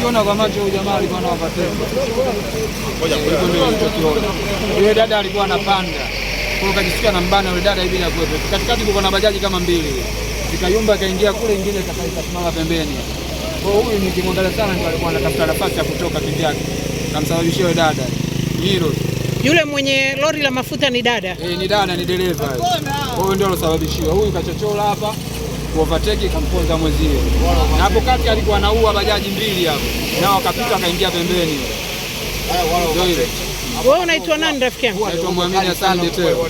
ukiona kwa macho, jamaa alikuwa nao eh, ndio Yule dada alikuwa anapanda kwa kajisikia na mbana yule dada hivi na kuwepo katikati kuko na bajaji kama mbili, ikayumba kaingia kule, ingine ikasimama pembeni. Kwa huyu nikimwangalia sana, ndio alikuwa anatafuta nafasi ya kutoka kivyake, kamsababishia yule dada hilo. Yule mwenye lori la mafuta ni dada e, ni dada, ni dereva. Kwa hiyo ndio alosababishiwa, huyu kachochola hapa kuovateki kamponza mwenzie, na hapo kati alikuwa anaua bajaji mbili hapo, nao akapita akaingia pembeni. Wewe unaitwa nani rafiki yangu? Naitwa Muhamedi Hassan Deteo.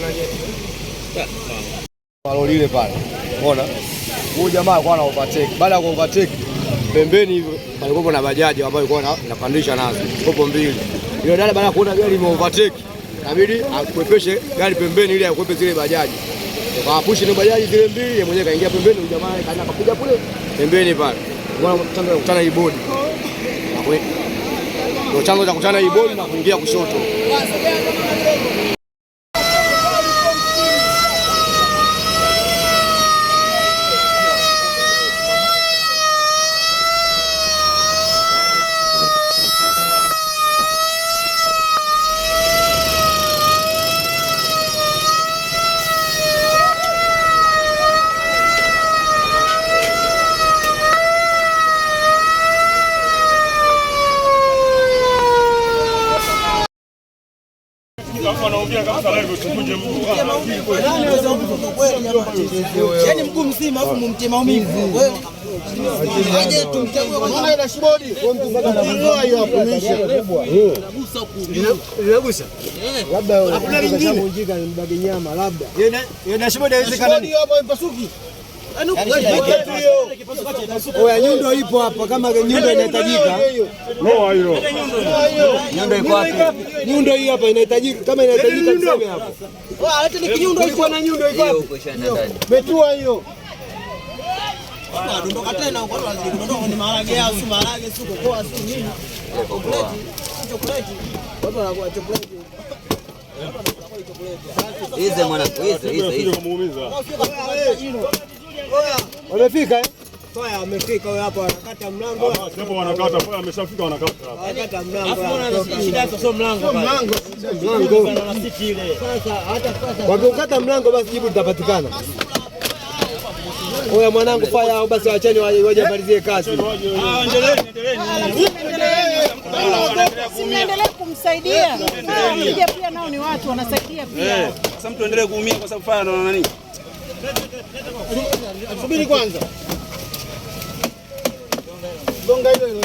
Lori ile pale, unaona huyu jamaa alikuwa ana overtake. Baada ya overtake pembeni hivyo palikuwa na bajaji ambayo ilikuwa inapandisha nazo kopo mbili. Yule dada baada ya kuona gari overtake, kabidi akwepeshe gari pembeni ili akwepe zile bajaji, kawapushi na bajaji zile mbili, yeye mwenyewe kaingia pembeni, jamaa kaenda kakuja kule pembeni pale, kutana hii bodi ndio chanzo cha kutana hii bodi na kuingia kushoto. yaani mguu mzima afu mumtie maumivu labda labda nyama labda dashboard haiwezekana Yaani yaani Oya, nyundo ipo hapa, kama nyundo inahitajika. Yaani nyundo iko wapi? Nyundo hii hapa inahitajika, kama inahitajika tuseme hapo. Metua hiyo dondoka tena, ni maharage au si maharage, si kokoa, si nini, chokoleti, watu wanakuwa chokoleti hizo mwana, hizo hizo hizo Wamefika eh? Faya wamefika hapo mlango. Hapo ah, wanakata wanakata. mlango. Mlango mlango. Sasa hata sasa. mlango basi jibu litapatikana. Oya mwanangu faya au basi wacheni waje malizie kazi. Ah, ah kumsaidia. Ah, pia nao ni watu wanasaidia pia. Eh, sasa mtu endelee kuumia kwa sababu faya subiri kwanza, gonga hilo yaani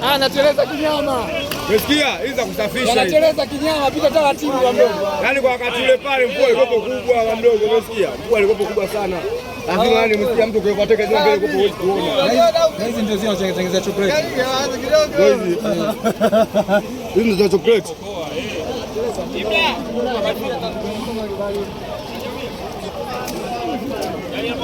anateleza ah, kinyama Umesikia? Hizi za kusafisha. Yanateleza kinyama pita taratibu wa mdogo. Yaani kwa wakati ule pale mvua ilikuwa kubwa wa mdogo, umesikia? Mvua ilikuwa kubwa sana. Lakini yaani umesikia mtu kwa kuteka jambo mbele kupo huwezi kuona. hizi ndio zio zinatengeneza chocolate. Hizi. Hizi ndio chocolate. Eh.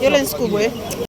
Violence kubwa eh.